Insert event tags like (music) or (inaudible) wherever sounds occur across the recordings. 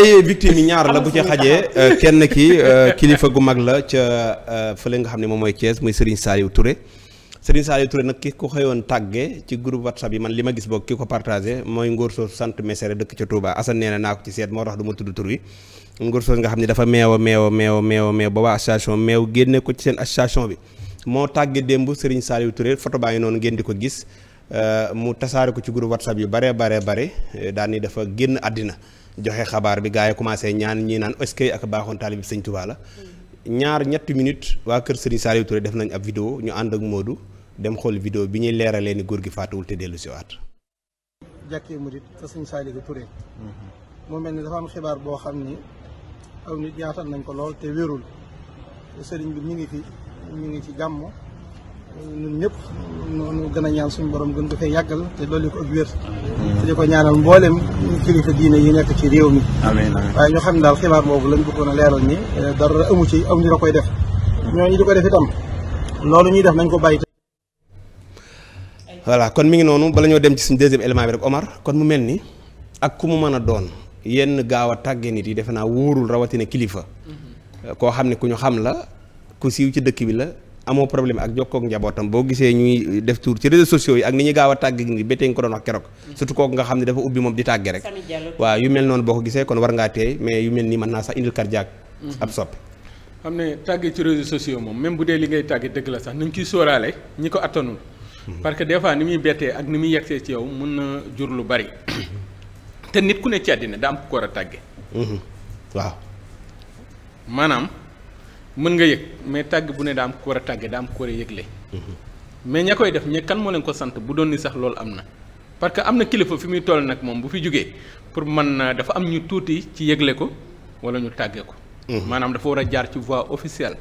tey victime yi ñaar la bu ci xajee euh, kenn ki euh, kilifa gu mag la ca euh, fële nga xam ne moom mooy Thiès muy Serigne Saliou Touré Serigne Saliou Touré nag ki ko xëyoon tàgge ci groupe WhatsApp yi man li ma gis boog ki ko partagé mooy Ngor sant Mesere dëkk ca Touba Assane nee na naa ko ci seet moo tax du ma tudd tur wi Ngor nga xam ne dafa meew a meew a meew a meew a meew ba waa association meew génne ko ci seen association bi moo tàggee démb Serigne Saliou Touré photo baa ngi noonu ngeen di ko gis mu tasaare ko ci groupe WhatsApp yu bare bare bare daal ni dafa génn àddina joxe xabaar bi gars yi commencé ñaan ñi naan est-ce que ak baaxoon taalib bi sëñ Touba la ñaar ñetti minutes waa kër Serigne Saliou Touré def nañ ab vidéo ñu ànd ak Modou dem xool vidéo bi ñuy leeralee ni góor gi faatuwul te dellu si waat. jàkkee murit te sëñ Saliou Touré. Mhm. mu mel ni dafa am xibaar boo xam ni aw nit ñaatal nañ ko lool te wérul te sëriñ bi mi ngi fi mi ngi ci jàmm. ñun ñëpp noonu gën a ñaan suñu boroom gën ko yàggal te dolli ko ak wér te di ko ñaanal mboolem kilifa diine yi nekk ci réew mi amiin waaye ñoo xam ne daal xibaar boobu lañ bëggoon a leeral ni eh, dara koy def ñooñu ko def itam loolu nañ ko bàyyi voilà kon mi ngi noonu bala ñoo dem ci suñu deuxième élément bi rek kon mu mel ni ak ku mu mën a doon yenn gaaw a tàggee nit yi defe naa wóorul rawatina kilifa mhm. koo xam ne ku ñu xam la ku siiw ci dëkk bi la amoo problème ak jokkoog njabootam boo gisee ñuy def tour ci réseaux sociaux yi ak ni ñu gaaw a tàgg ni béttee nga ko doon wax keroog surtout kooku nga xam ne dafa ubbi moom di tàgge rek waaw yu mel noonu boo ko gisee kon war ngaa teey mais yu mel nii mën naa sax indil cardiaque mhm. ab soppi xam ne tàgge ci réseaux sociaux moom même bu dee li ngay tàgge dëgg la sax nañ ciy sóoraale ñi ko attanul mhm. parce que des fois ni muy bettee ak ni muy yegsee ci yow mën na jur lu bari mhm. te nit ku ne ci àddina daa ko a tàgge waaw mën nga yëg mais tàgg bu ne daa am ku war a tàggee daa am ku war a yëgle mais ña koy def ñekkan moo leen ko sant bu doon ni sax loolu am na parce que am na kilifa fi muy toll nag moom bu fi jógee pour man dafa am ñu tuuti ci yëgle ko wala ñu tàggee ko mhm. maanaam dafa war a jaar ci voie officielle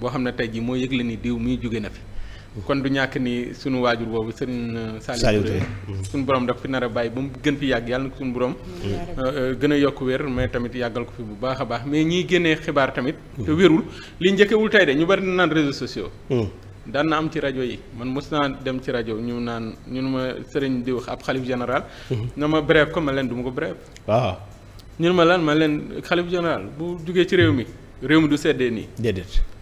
boo xam ne tey ji moo yëgle ni diw muy jóge na fi kon du ñàkk ni sunu waajur boobu sëriñ euh, Saliou Touré mm-hmm. suñu borom daf fi nar a bàyyi ba mu gën fi yàgg yàlla na ko sunu mm-hmm. euh, euh, gën a yokk wér mais tamit yàggal ko fi bu baax a baax mais ñiy génnee xibaar tamit te mm-hmm. wérul li njëkkewul tey de ñu bari naan réseaux sociaux daan am ci rajo yi man mos naa dem ci rajo ñu naan ñu ma sëriñ di ab xalif général na ma bref ko ma leen du ma ko bref waaw ah. ñu ma lan ma leen xalif général bu jugee ci réew mi réew mi du seddee nii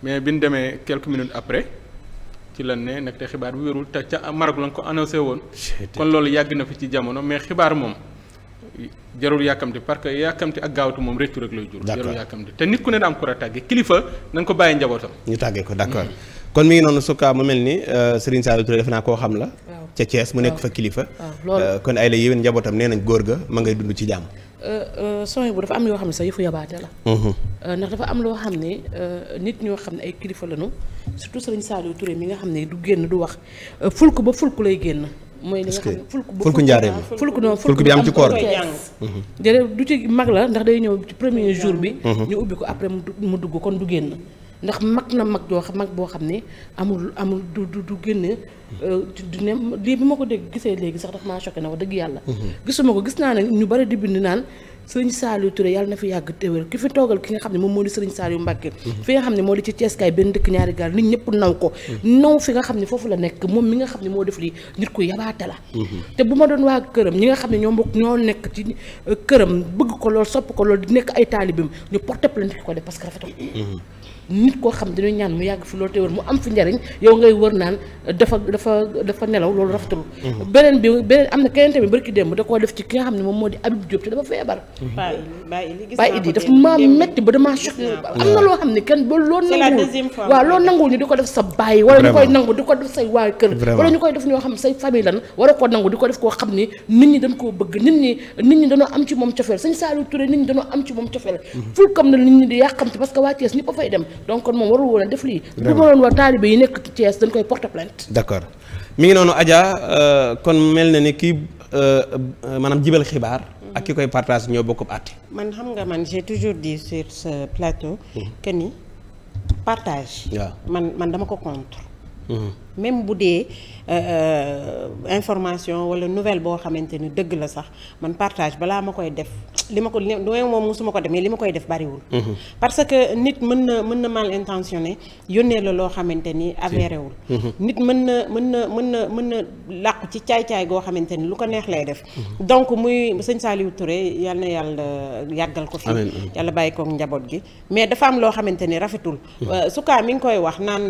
mais bi ñu demee quelques minutes après ci lan ne nag te xibaar bi wérul te ca Maroc lañ ko annoncé woon. kon loolu yàgg na fi ci jamono mais xibaar moom jarul yàkkamti parce que yàkkamti ak gaawtu moom rëccu rek lay jur. jarul yàkkamti te nit ku ne daa am ko tàggee kilifa nañ ko bàyyi njabootam. ñu tàggee ko d' accord mm. kon mi ngi noonu sukka mu mel ni euh, Serigne Saliou Touré defe naa koo xam la. ca Thiès mu nekk fa kilifa. Euh, kon ay la yéwén njabootam nee nañ góor ga ma ngay dund ci jàmm son bu dafa am yoo xam ne sax yëfu yabaate la. Mhm. Euh, ndax dafa am loo xam ne euh, nit ñoo xam ne ay kilifa lañu surtout Serigne Saliou Touré mi nga xam ne du génn du wax euh, fulk ba fulk lay génn. mooy li nga xam ne fulk bu fulk njaaree bi fulk noonu bi am ci koor gi mhm. du ci mag la ndax day ñëw ci jour bi. Mhm. ñu ubbi ko après mu dugg kon du génn. ndax mag na mag joo xam mag boo xam ne amul amul du du du génne euh, du ne lii bi ma ko dégg gisee léegi sax dafa maa choqué na wax dëgg yàlla mhm. gisuma ko gis naa ne ñu bari di bind naan sëriñ Saliou Touré yàlla na fi yàgg téwér ki fi toogal ki nga xam ne moom moo di sëriñ Saliou Mbacké mhm. fi nga xam ne moo di ci Ceeskaay benn dëkk ñaari gaal nit ñëpp naw ko mhm. naw fi xam ne foofu la nekk moom mi nga xam ne moo def lii nit ku yabaate la te bu ma doon waa këram ñi nga xam ne ñoo mbokk ñoo nekk ci euh, këram bëgg ko lool sopp ko lool di nekk ay taalibim ñu porté plainte ko def parce que rafetul nit koo xam dañuy ñaan mu yàgg fi loolu te wër mu am fi njariñ yow ngay wër naan dafa dafa dafa nelaw loolu rafetul mhm. beneen bi beneen am na keneen tamit barki démb da koo def ki nga xam ne moom moo di Habib Diop te dafa feebar mhm. bàyyi idi dafa maa metti ba damaa choqué am na loo xam ne kenn ba loolu nanguwul waaw loolu nanguwul ko def sa bàyyi wala koy def say waa kër wala ñu koy def a koo nangu ko def koo xam ni nit ñi dañ koo bëgg nit ñi nit ñi dañoo am ci moom cofeel Sëñ Saliou Touré nit ñi dañoo am ci moom cofeel mhm. ful comme na nit ñi di yàqamti parce que waa Thiès ñëpp a fay dem donc kon moom warul woon def lii. bu waroon war taalibe yi nekk ci dañ koy porter plainte. d'accord mi ngi noonu Adja euh, kon mel na ni kii euh, maanaam jibal xibaar. ak ki koy partage ñoo bokk àtte. man xam nga man j'ai toujours dit sur ce plateau. Hmm. que partage. man man dama ko contre. Hmm. même bu dee euh, euh, information wala nouvelle boo xamante ni dëgg la sax man partage balaa ma koy def li ma ko li moom musuma ko demee li ma koy def bariwul. Mhm. parce que nit mën na mën na mal intentionné yónnee la loo xamante ni avéré wul. Mhm. nit mën na mën na mën na mën na làqu ci caay-caay goo xamante ni lu ko neex lay def. Mhm. donc muy sëñ Saliou Touré yal na yàlla yàggal ko fi. yàlla bàyyi ko njaboot gi mais dafa am loo xamante ni rafetul. Euh, su kaa mi ngi koy wax naan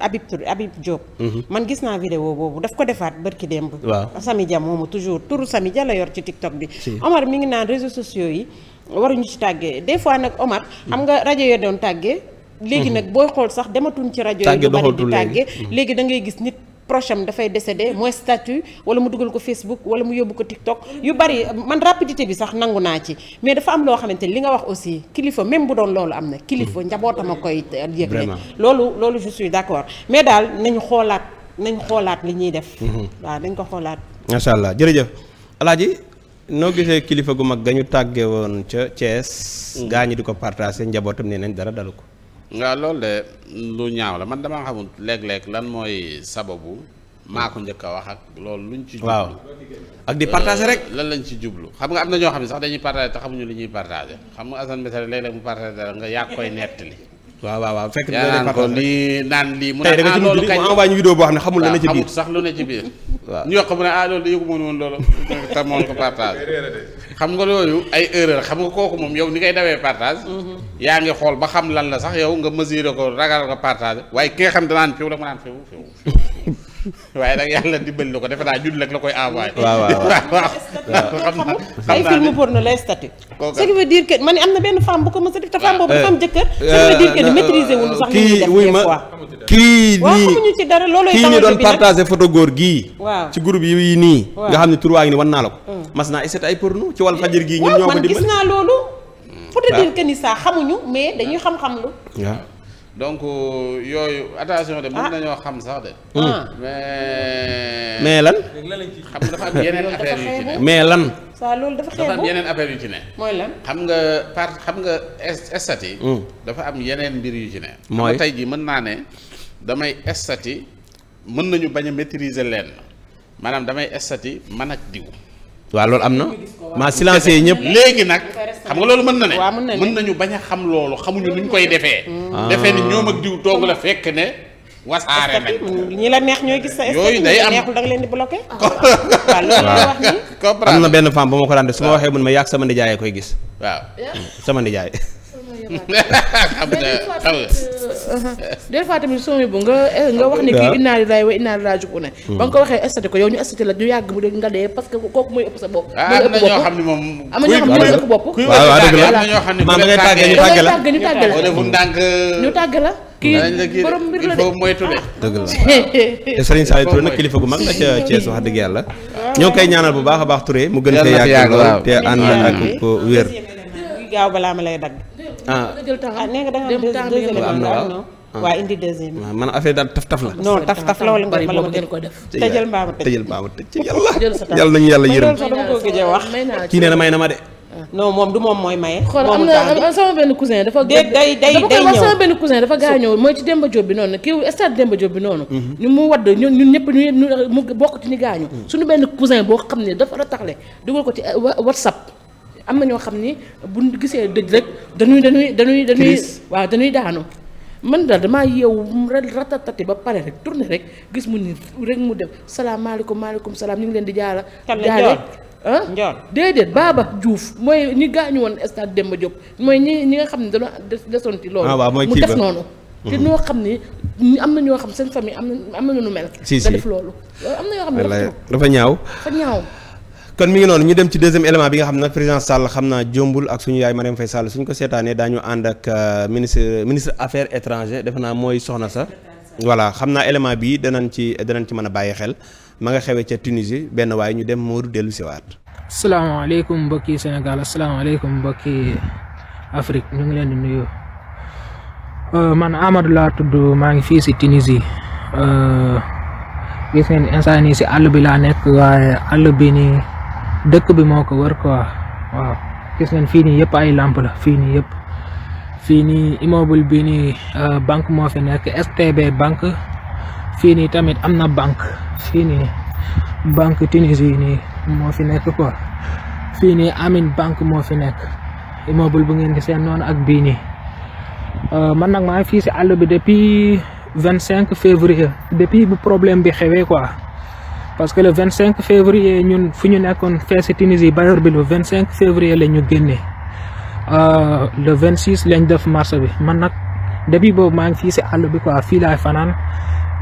Habib Habib Diop. Mhm. man gis naa vidéo boobu daf ko defaat bërki démb. waaw Sami Dia moomu toujours turu Sami la yor ci TikTok bi. Omar mi ngi naan réseaux sociaux yi waruñu ci tàggee des fois nag Omar. Hmm. xam nga rajo ya doon tàggee. léegi hmm. nag booy xool sax dematuñ ci rajo yi. tàggee doxatul léegi lu bari di tàggee hmm. léegi da gis nit proche am dafay décédé mooy statut wala mu dugal ko Facebook wala mu yóbbu ko TikTok yu bari man rapidité bi sax nangu naa ci mais dafa am loo xamante li nga wax aussi kilifa même bu doon loolu am na kilifa hmm. a koy yëgle loolu loolu je suis d'accord mais daal nañu xoolaat nañ xoolaat li ñuy def hmm. waaw dañ ko xoolaat macha allah jërëjëf alaaji noo gisee kilifa gu mag ga ñu tàgge woon ca Thiès hmm. gaa ñi di ko partagé njabootam nee nañ dara dalu ko nga loolu de lu ñaaw la man damaa xamul léeg-léeg lan mooy sababu maa ko njëkk a wax ak loolu luñ ci. waaw ak di partager euh, rek. lan lañ ci jublu xam nga am na ñoo xam ne sax dañuy partager te xamuñu li ñuy partager xam nga Assane Mbese léeg-léeg mu partager dara nga yaa koy nettali. waaw waaw waaw fekk na ko lii naan lii mu ne ah loolu kañ mu envoyé ñu vidéo boo xam ne xamul la ne ci ah, biir sax lu ne ci biir (laughs) waaw ñu wax ko mu ne ah loolu da yëgu moon woon loolu (laughs) te moom ko partage xam nga loolu ay erreur xam nga kooku moom yow ni ngay dawee partage mm-hmm. yaa ngi xool ba xam lan la sax yow nga mesurer ko ragal nga partage waaye ki nga xam danaan fiw la mu naan fiw fiw waaye nag yàlla dimbali na ko defe naa ñun nag la koy envoyé. (laughs) waaw waaw waaw (laughs) xam naa ay film porno lay statut. kooku ce qui veut dire que am na benn femme bu ko mos a def te femme boobu dafa am eh, jëkkër. Eh, ce qui veut dire que ni eh, maîtriser wuñu sax. kii wuy ma kii nii ci dara looloo kii nii doon partagé photo góor gii. waaw ci groupe yi nii. nga xam ne tur waa ngi nii wan naa la ko. Mm. mas naa essayé ay porno ci wàllu fajar gii. ñun ñoo ko dimbali ma man gis naa loolu. pour te dañuy xam-xam lu. donc euh, yooyu attention de mën ah. nañoo xam sax de. Ah. mais. lan. xam nga dafa am yeneen affaire yu ci ne. mais lan. waaw loolu yeneen affaire yu ci ne. mooy lan xam nga par xam nga estati hmm. dafa am yeneen mbir yu ci ne. mooy tey jii mën naa ne damay estati mën nañu bañ a maîtriser leen maanaam damay estati man ak diw. waa loolu am na maa silencié ñëpp léegi nag xam nga loolu mën na ne mën nañu bañ a xam loolu xamuñu ni nuñ koy defee hmm. defee ni ah. ñoom ak diw toog la fekk ne wasaare nañ ñi la neex ñooy gis sa yooyu day am neexul da nga leen di bloqué (laughs) waaw loolu la wax na benn femme ba ma ko daan def su ma waxee mun ma yàgg sama nijaay koy gis waaw hmm. sama nijaay (laughs) (laughs) xam nga xam nga. Euh, des fois tamit soo bu nga eh, nga wax ne kii ah. inna lillahi wa inna ilayhi raji'un. Hmm. ba nga ko waxee estati ko yow ñu estati la ñu yàgg mu dégg nga dee parce que kooku mooy ëpp sa bopp. Ah, am na xam ne moom. am na ñoo ne mooy ëpp bopp. waaw waaw dëgg la maam da tàggee ñu tàgg la ñu tàgg la. ñu tàgg la. kii borom mbir la de ah. (laughs) te Serigne Saliou Touré nag kilifa gu mag la ca Thiès wax dëgg yàlla. ñoo ngi koy ñaanal bu baax a baax Touré mu gën fee yàgg lool te ànd ak ko wér gaaw balaa ma lay dagg Ah. ah nee nga da nga ah, la. non taf taf la wala nga ma la ko jël ko def. tëjal mbaama tëj tëjal ci yàlla. yàlla nañu yàlla yërëm kii nee may na ma de. non moom du moom mooy maye. xool am na sama sama benn cousin dafa gaañoo mooy ci Demba Diop bi noonu kii stade Demba Diop bi noonu. ñu mhm. mu wadd ñun ñun ñëpp ñu mu bokk ci ñu gaañu. Mhm. suñu benn cousin boo xam ne dafa rataxle dugal ko ci eh, WhatsApp. am na ñoo xam ni buñ gisee dëj rek dañuy dañuy dañuy dañuy waaw dañuy daanu man daal damaa yeewu ratatati ba pare rek tourné rek gis mu ni rek mu def salaamaaleykum maaleykum salaam ñu ngi leen di jaara jaare ah déedéet Baba Diouf mooy ñi gaañu woon stade Demba Diop mooy ñi ñi nga xam ne dañoo desoon ci loolu ah, mu def noonu mhm. te ñoo xam ne am na ñoo xam seen famille am na am na ñu mel da def loolu am na ñoo xam ne dafa ñaaw dafa ñaaw kon mi ngi noonu ñu dem ci deuxième élément bi nga xam ne nag président Sall xam naa jombul ak suñu yaay Marième Faye Sall suñ ko seetaanee daañu ànd ak euh, ministre ministre affaire étrangères defe naa mooy soxna sax voilà xam naa élément bii danañ ci danañ ci mën a bàyyi xel ma nga xewee ca Tunisie benn waaye ñu dem Modou dellu si waat siwaat asalaamaaleykum mbokki Sénégal asalaamaaleykum mbokki Afrique ñu ngi leen di nuyu euh, man Amadou laa tudd maa ngi fii si Tunisie euh, gis ngeen instant àll bi dëkk bi moo ko wër quoi waaw gis ngeen fii nii yëpp ay làmp la fii nii yëpp fii nii immeuble bii nii euh, banque moo fi nekk STB banque fii nii tamit am na banque fii nii banque Tunisie nii moo fi nekk quoi fii nii Amine banque moo fi nekk immeuble bu ngeen di seen noonu ak bii ni euh, man nag maa ngi fii si àll bi depuis vingt cinq février depuis bu problème bi xewee quoi. parce que le vingt cinq février ñun fu ñu nekkoon fee si Tunisie Bayor bi le vingt cinq février la ñu génnee euh, le vingt six lañ def marche bi man nag depuis boobu maa ngi fi si àll bi quoi fii laay fanaan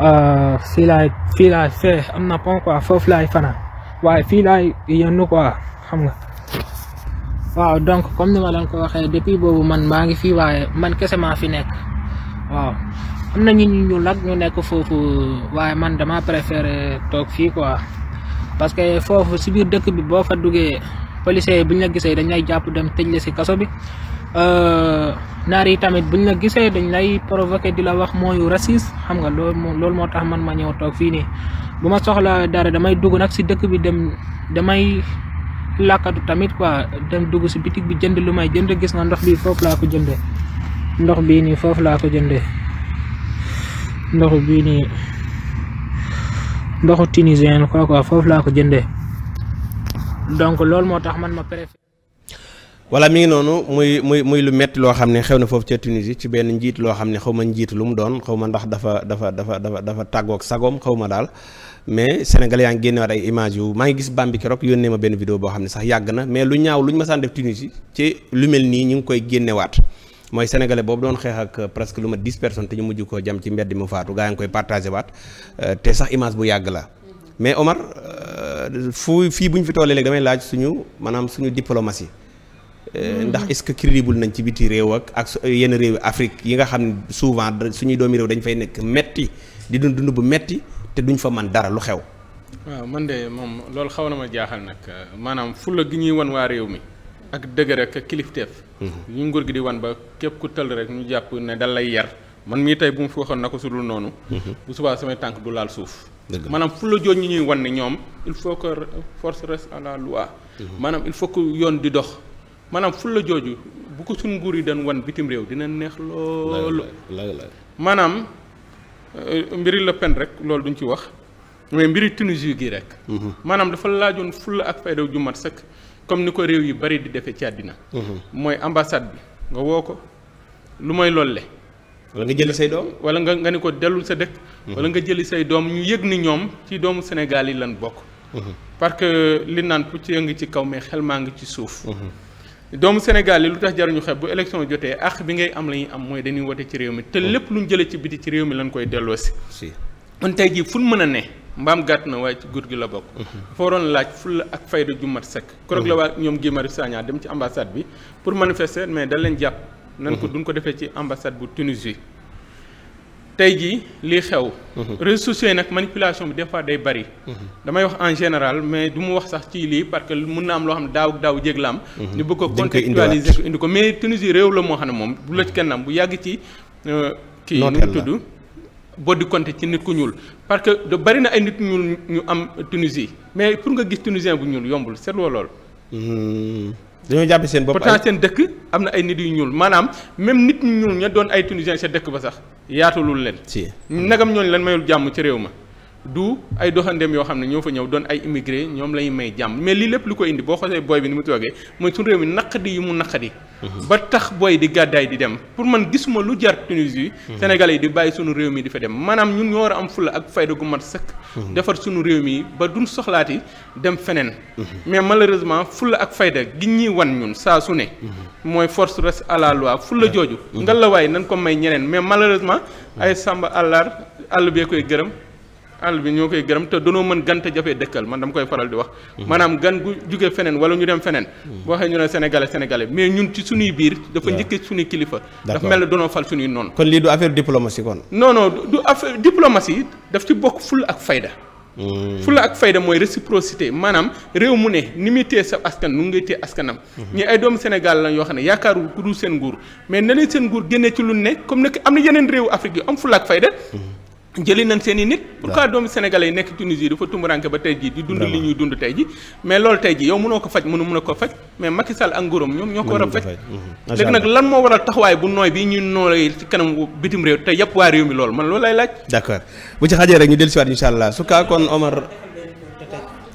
euh, fii laay fee am na pont quoi foofu laay fanaan waaye fii laay yenn xam nga waaw donc comme ni ma leen ko waxee depuis boobu man maa ngi fi waaye man kese maa fi nekk waaw am na ñu ñu nag ñu nekk foofu waaye man dama préféré toog fii quoi parce que foofu si biir dëkk bi boo fa duggee policiers bu buñ la gisee dañ lay jàpp dem tëj la si kaso bi euh, naar yi tamit buñ la gisee dañ lay provoqué di la wax mooyu raciste xam nga loolu moo tax man ma ñëw toog fii nii bu ma soxla dara damay dugg nag si dëkk bi dem damay làkkatu tamit quoi dem dugg si bitig bi jënd lu may jënd gis nga ndox bi foofu laa ko jëndee ndox bii nii foofu laa ko jëndee ndoxu bii nii ndoxu tunisien quoi quoi foofu laa ko jëndee donc loolu moo tax man ma préféré. voilà mi ngi noonu muy muy muy lu metti loo xam ne xew na foofu ca Tunisie ci benn njiit loo xam ne xaw ma njiit lu mu doon xaw ma ndax dafa dafa dafa dafa dafa tàggook sagoom xaw ma daal mais sénégalais yaa ngi génnewaat ay image yu maa ngi gis Bambi keroog yónnee ma benn vidéo boo xam ne sax yàgg na mais lu ñaaw lu ñu ma saan def Tunisie ci lu mel nii ñu ngi koy génnewaat. mooy sénégalais boobu doon xeex ak euh, presque lu ma dix person te ñu mujj ko jam ci mbedd mu faatu gaa yi ngi koy partagé waat euh, te sax image bu yàgg la mais Omar euh, fu fii bu ñu fi tollee léegi damay laaj suñu maanaam suñu diplomatie ndax est-ce que crédible nañ ci biti réew ak ak yenn réew Afrique yi nga xam ne souvent suñuy doomi réew dañ fay nekk metti di dund dund bu metti te duñ fa man dara lu xew waaw man de moom loolu xaw na ma jaaxal nag maanaam fulla gi ñuy wan waa réew mi ak dëgër ak kilifteef ñu mhm. nguur gi di wan ba képp ku tëll rek ñu jàpp ne dal lay yar man mii tey bu mu fi waxoon na ko sudul noonu mhm. bu subaa samay tànk du laal suuf maanaam fu la ñi ñuy wan ni ñoom il faut que force reste à la loi mhm. maanaam il faut yoon di dox maanaam fulla jooju bu ko suñ nguur yi dañ wan bitim réew dina neex loolu maanaam euh, mbiri Le Pen rek loolu duñ ci wax mais mbiri Tunisie gii rek maanaam dafa laajoon fulla ak fayda ju mat sëkk comme ni ko réew yu bari di defee ci àddina mooy ambassade bi nga woo ko lu mooy lolle wala nga jëli say doom wala nga nga ni ko dellul sa dëkk mhm. wala nga jëli say doom ñu yëg ni ñoom ci doomu Sénégal yi lan bokk mhm. parce que li naan pucc a ngi ci kaw mais xel maa ngi ci suuf mhm. doomu Sénégal yi lu tax jaruñu xeeb bu élection jotee ak bi ngay am la ñuy am mooy dañuy wote ci réew mi te lépp lu luñ jëlee ci biti ci réew mi lañ koy delloosi kon tey jii fu mën a ne mbaam gàtt na waaye ci góor gi la bokk. foo waroon laaj fulla ak fayda ju mat sekk. keroog la waa ñoom Guy Marius dem ci ambassade bi pour manifester mais da leen jàpp. nan ko mhm. duñ ko defee ci ambassade bu Tunisie. tey jii lii xew. Mhm. réseaux sociaux yi nag manipulation bi des fois day bari. Mhm. damay wax en général mais du mu wax sax ci lii parce que mun na am loo xam ne daaw daaw jéeg la am. ñu bëgg ko contextualiser ko indi ko mais Tunisie réew la moo xam ne moom bu la ken kenn bu yàgg ci. Euh, kii nu mu tudd boo di compter ci nit ku ñuul parce que de bari na ay nit ñu ñu am Tunisie mais pour nga gis tunisien bu ñuul yombul seetloo lool. Hmm. dañoo jàpp seen bopp pourtant seen dëkk am na ay nit yu ñuul maanaam même nit ñu ñuul ña doon ay tunisien sa dëkk ba sax yaatulul leen. si nagam ñooñu lan mayul jàmm ci réew ma. du ay doxandeem yoo xam ne ñoo fa ñëw doon ay immigré ñoom lay may jàmm mais lii lépp lu ko indi boo xosee booy bi ni mu toogee mooy suñu réew mi naqadi yu mu naqadi mhm. ba tax booy di gàddaay di dem pour man gisuma lu jar Tunisie yi mhm. yi di bàyyi suñu réew mi di fa dem maanaam ñun ñoo war a am fulla ak fayda gu mat sëkk mhm. defar suñu réew mi ba duñ soxlaati dem feneen mais malheureusement fulla ak fayda gi ñuy wan ñun saa su ne mooy force reste à la fulla jooju nga la waay nañ ko may ñeneen mais malheureusement ay samba àllar àll bee koy gërëm àll bi ñoo koy gërëm te danoo mën gan te jafee dëkkal man dama koy faral di wax maanaam gan bu jóge feneen wala ñu dem feneen mm. boo waxee ñu ne sénégalais sénégalais mais ñun ci suñuy biir dafa njëkke suñuy kilifa dafa mel ne danoo fal suñuy noonu kon lii du affaire diplomatie kon non non du affaire diplomatie daf ci bokk ful ak fayda mm. fulla ak fayda mooy réciprocité maanaam réew mu ne ni muy téye sa askan mu ngay téye askanam. Mm-hmm. ñi ay doomu Sénégal la yoo xam ne yaakaaru ku dul seen nguur mais na seen nguur génne ci lu ne comme nag am na yeneen réew Afrique yi am fulla ak fayda. Mm-hmm. jëli nañ seen i nit pourquoi doomu sénégalais yi nekk Tunisie dafa tumuranke ba tey ji di dund li ñuy dund tey ji mais loolu tey ji yow mënoo ko faj a ko faj mais Macky Sall ak nguuram ñoom ñoo ko a faj mhm. léegi nag lan moo waral taxawaay bu nooy bi ñuy nooy ci kanam man loolu lay laaj d'accord bu ci xajee rek ñu dellu si waat insha allah su kaa kon Omar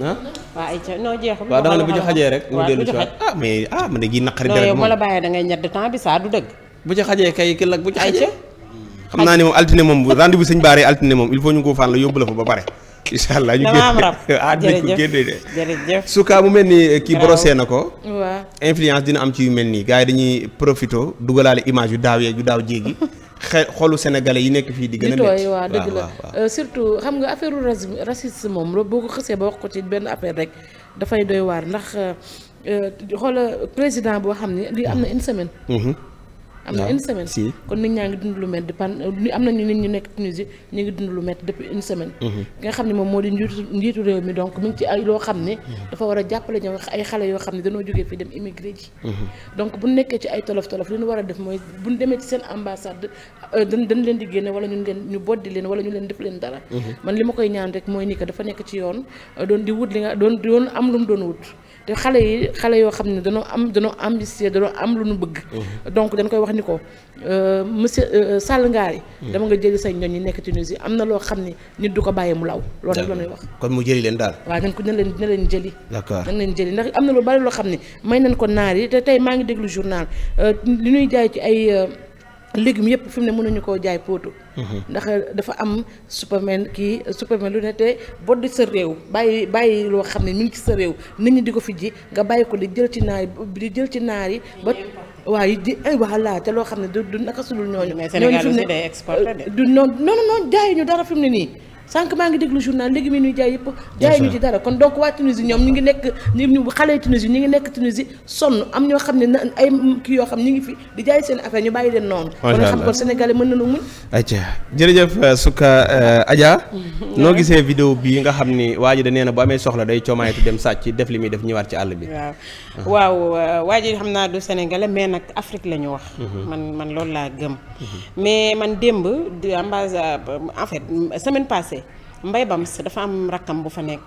ah waaw ne bu ñu xajee rek mu dellu si waat ah mais ah man de gi naqari dara moom yow ma la bàyyee da ngay temps bi saa du dëgg bu ci xajee kay ki lag bu ci xajee xam naa ne moom altine moom rendez-vous sëñ Baare altine moom il faut ñu ko faan la yóbbu la fa ba pare. (laughs) Ah, su kaa mu mel ni eh, kii brosé na ko. waaw influence dina am ci yu mel nii gaa yi dañuy profito dugalaale image yu daaw yeeg yu daaw jéegi (laughs) xe xolu sénégalais yi nekk fii di gën a métti waaw dëgg la euh, surtout xam nga affaire racisme moom loolu boo ko xësee ba wax ko ci benn affaire rek dafay doy waar ndax euh, euh, xoola président boo xam ne lii am na une semaine. Mm-hmm. am na une semaine si kon nit ñaa ngi dund lu métti pan na ñu nekk Tunisie dund lu métti depuis une semaine mhm. nga xam ne moom moo di njiitu njiitu réew mi donc mi ngi ci ay loo xam ne mhm. dafa war a jàppale ñoom ay xam ne dañoo jógee fii dem immigré ji mhm. donc bu nekkee ci ay tolof tolof li ñu war a def mooy bu ñu demee ci seen ambassade euh, dañ dan leen di génne wala ñu leen ñu boddi leen wala ñu leen def leen dara man li ma koy ñaan rek mooy ni que dafa nekk ci yoon euh, doon di wut li nga doon doon am lu mu doon wut te xale yi xale yoo xam ne dañoo am dañoo ambitieux dañoo am lu nu bëgg. Mhm. donc dañ koy wax ni ko euh, monsieur euh, Sall yi mhm. dama nga jëli say ñoñ ñi nekk Tunisie am na loo xam ne nit du ko bàyyi mu law. loolu rek la wax. kon mu jëli leen daal. waaw nañ ko dina leen dina leen jëli. d'accord dina leen jëli ndax am na lu bari loo xam ne may nañ ko naar yi te tey maa ngi déglu journal euh, li ñuy jaay ci ay. légumes yëpp fi mu ne mënuñu koo jaay póotu mhm. ndax dafa am superman kii superman lu ne te boddi sa réew bàyyi bàyyi loo xam ne mi ngi ci sa réew nit ñi di ko fi ji nga bàyyi ko di jël ci naar di jël ci naar yi ba waaye di wax laa te loo xam ne du du naka sulul ñooñu. mais Sénégal aussi day exporté de. noonu non non dara fi mu ne nii. sànq maa ngi déglu journal léegi mi ñuy jaay yëpp jaay ñu ci dara kon donc waa Tunisie ñoom ñu ngi nekk ñu ngi nekk sonn am ñoo xam ne na ay kii yoo xam ñu ngi fi di jaay seen affaire ñu bàyyi leen noonu kon xam kon sénégalais mën nañu muñ aca jërëjëf euh, Souka euh, Adja (laughs) noo gisee vidéo bi nga xam ni waa ji da nee na bu amee soxla day coomaayatu dem sàcc def li muy def ñëwaat ci àll bi waaw waaw euh, waa ji xam naa du sénégalais mais nag Afrique la wax mhm. man man loolu la gëm mhm. mais man démb ambassade en fait semaine mbay Bams dafa am rakkam bu fa nekk.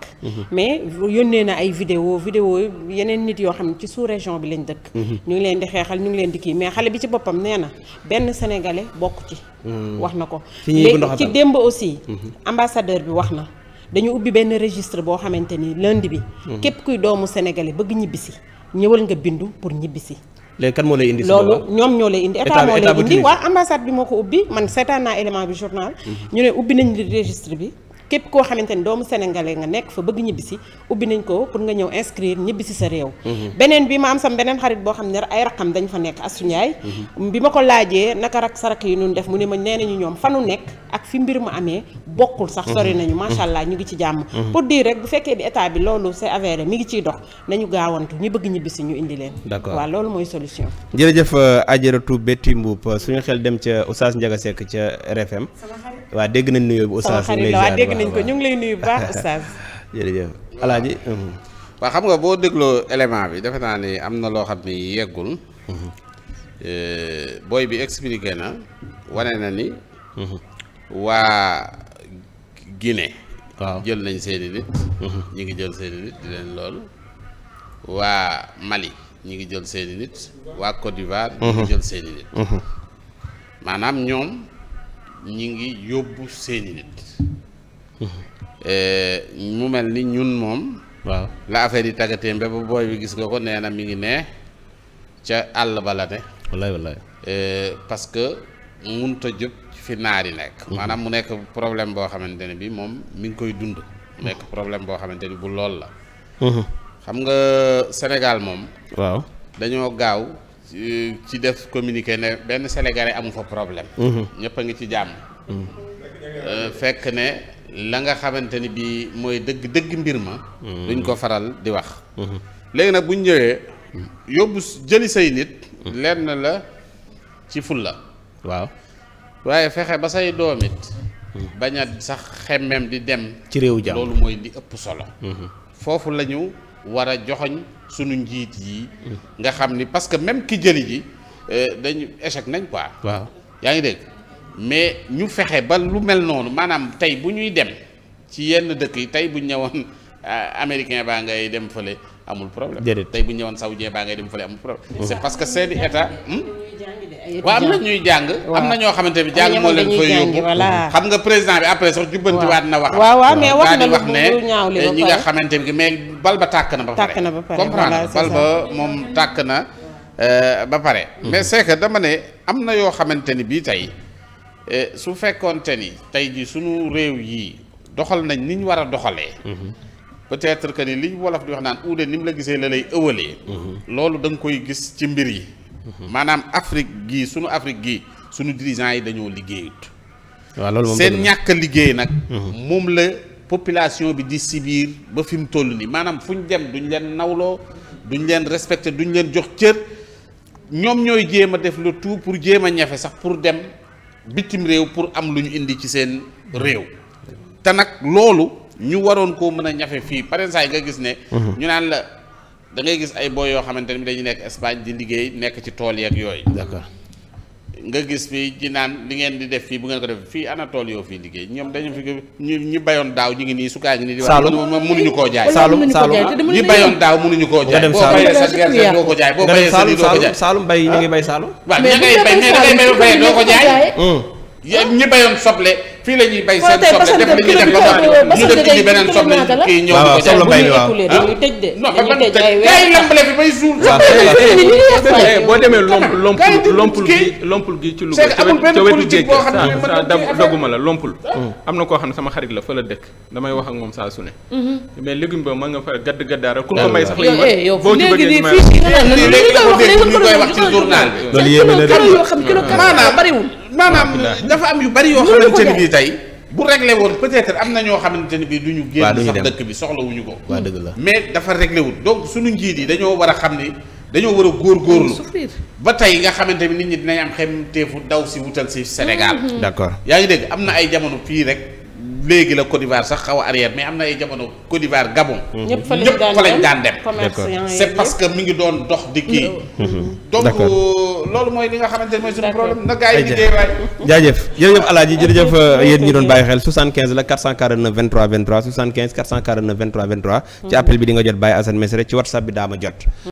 mais yónnee na ay vidéo vidéo yeneen nit yoo xam ne ci sous région bi lañ dëkk. ñu ngi leen di xeexal ñu ngi leen di kii mais xale bi ci boppam nee na benn sénégalais bokk ci. Hmm. wax na ko léegi ci démb aussi. Hmm. ambassadeur bi wax na. dañu ubbi benn registre boo xamante ni lundi bi. Hmm. képp kuy doomu sénégalais bëgg ñibbisi ñëwal nga bindu pour ñibbisi. léegi kan moo lay indi. loolu ñoom ñoo lay indi état moo lay indi waa ambassade bi moo ko ubbi man seetaan naa élément bi journal. ñu ne ubbi nañ registre bi. képp koo xamante ni doomu sénégalais nga nekk fa bëgg ñibbisi ubbi nañ ko pour nga ñëw inscrire ñibbisi sa réew mhm. beneen bi ma am sam beneen xarit boo xam ne ay raqam dañ fa nekk Asu Njaay mhm. bi ma ko laajee naka rak sarak yi nu nun def mu ne ma nee nañu ñoom fanu nekk ak fi mbir mu amee bokkul sax sori mhm. nañu macha allah ñu ngi ci jàmm pour dire rek bu fekkee bi état bi loolu c'est avéré mi ngi ciy dox nañu gaawantu ñu bëgg ñibbisi ñu indi leen d'accord waaw loolu mooy solution jërëjëf Ajaratu Betty Mbuup suñu xel dem ca Oustaz Ndiaga Seck ca RFM waa dégg nañ nuyoo bi oustaz xarit la waa dégg nañ ko ñu ngi lay baax oustaz (laughs) jërëjëf alaaji mhm. xam nga boo dégloo élément bi defe naa ni am na loo xam ni yeggul mhm. eh, booy bi expliqué na wane na ni mhm. waa Guinée jël nañ seeni nit ñi ngi jël seeni nit di leen loolu waa Mali ñi ngi jël seeni nit waa Côte d'Ivoire ñi ngi jël seeni nit maanaam ñoom ñi ngi yóbbu seeni nit eh, mu mel ni ñun moom waaw la affaire yi tàggatee mbéb booy bi gis nga ko nee na mi ngi ne ca àll ba la ne wallaay wallaay eh, parce que munta jëp fi naar yi nekk mhm. maanaam mu nekk problème boo xamante ne bi moom mi ngi koy dund mu nekk mhm. problème boo xamante ni bu lool la mhm. xam nga Sénégal moom waaw dañoo gaaw ci def communiqué ne benn sénégalais amu fa problème. Mhm. ñëpp a ngi ci jàmm. Mhm. Euh, fekk ne. la nga xamante ni bii mooy dëgg dëgg mbir ma. Mhm. duñ ko faral di wax. léegi nag buñ ñu yóbbu jëli say nit. lenn la ci fulla waaw waaye fexe ba say doom it. bañ a sax xemmem di dem. ci réew jàmm loolu mooy li ëpp solo. foofu la ñu joxoñ suñu njiit yi nga xam ni parce que même ki jëli ji eh, dañu échec nañ quoi waaw yaa ngi dégg mais ñu fexe ba lu mel noonu maanaam tey bu ñuy dem ci yenn dëkk yi tey bu ñu ñëwoon (laughs) ah, américain baa ngay dem fële amul problème tey bu ñu ñëwoon saoudien baa ngay dem fële amul problème c'est parce seeni état hmm? waaw am na ñuy jàng am na ñoo xamante bi jàng moo leen fay yóbbu xam nga président bi après sax jubbantiwaat na wax waaw waaw mais wax ne ñi nga xamante bi mais bal ba tàkk na ba pare comprendre bal ba moom tàkk na ba pare euh, hmm. mais c'est que dama ne am na yoo xamante ni bii tey euh, su fekkoonte ni tey ji suñu réew yii doxal nañ ni ñu war a doxalee hmm. peut-être que ni li wolof di wax naan uude ni mu la gisee la lay ëwalee hmm. loolu danga koy gis ci mbir yi Mhm. maanaam Afrique gii sunu Afrique gi sunu dirigeants yi dañoo liggéeyut. waaw loolu seen ñàkk liggéey nag. Mhm. moom la population bi di sibir ba fi mu toll nii maanaam fu ñu dem duñ leen nawloo duñ leen respecté duñ leen jox cër ñoom ñooy jéem a def le tout pour jéem a ñafe sax pour dem bitim réew pour am lu ñu indi ci seen réew. Mhm. te nag loolu ñu waroon ko mën a ñafe fii par exemple nga gis ne. ñu naan la. dangay gis ay booy yoo xamante ni dañuy nekk Espagne di liggéey nekk ci tool yeeg yooyu. d'accord nga gis fii ci naan li ngeen di def fii bu ngeen ko def fii ana tool yoo fii liggéey ñoom dañu fi ñu ñu bayoon daaw ñu ngi nii su kaa ngi nii di. Saalum mënuñu koo jaay. ñi bayoon daaw mënuñu koo jaay. boo bayee sa gerte doo ko jaay boo bayee sa lii doo ko jaay. Saalum bay ñu ngi bay Saalum. waaw ña ngay bay doo ko jaay. Mm. ñi bayoon soble fii la bay seen soble def li ñuy def ba ñu def ci beneen soble kii ñëw ko soble mbay mi waaw dañuy tëj de dañuy tëj ay lambale bi bay suul soble boo demee lompul lompul gi ci Louga ca wetu géej sa doguma la lompul am na koo xam ne sama xarit la fa la dëkk damay wax ak moom saa su ne mais légume ba ma nga fa gadd gaddaara ku ko may sax lañu wax boo ci bëggee ma léegi léegi ñu koy wax ci journal bi loolu yéeme na de maanaam bariwul maanaam dafa am yu bari yoo xamante ni bii tey bu réglé woon peut-être am na ñoo xamante ne bii du ñu génn sax dëkk bi soxlawuñu ko waa dëgg la mais dafa réglé wul donc suñu njiit yi dañoo war a xam ni dañoo war a góorgóorlu ba tey nga xamante ni nit ñi dinañ am xemteefu daw si wutal si Sénégal d'accord yaa ngi dégg am na ay jamono fii rek léegi la Côte d'Ivoire sax xaw a arrière mais am na ay jamono Côte d'Ivoire Gabon. ñëpp fa lañ daan dem c'est parce que mi ngi doon dox di kii. Mm-hmm. Mm-hmm. donc euh, loolu mooy li nga xamante ne mooy suñu problème na gars yi liggéey waay. jaajëf jërëjëf Alaaji jërëjëf euh, yéen ñi doon bàyyi xel 75 la 449 23 23 75 449 23 23. ci appel bi di nga jot Baye Assane Mesere ci WhatsApp bi daa ma jot.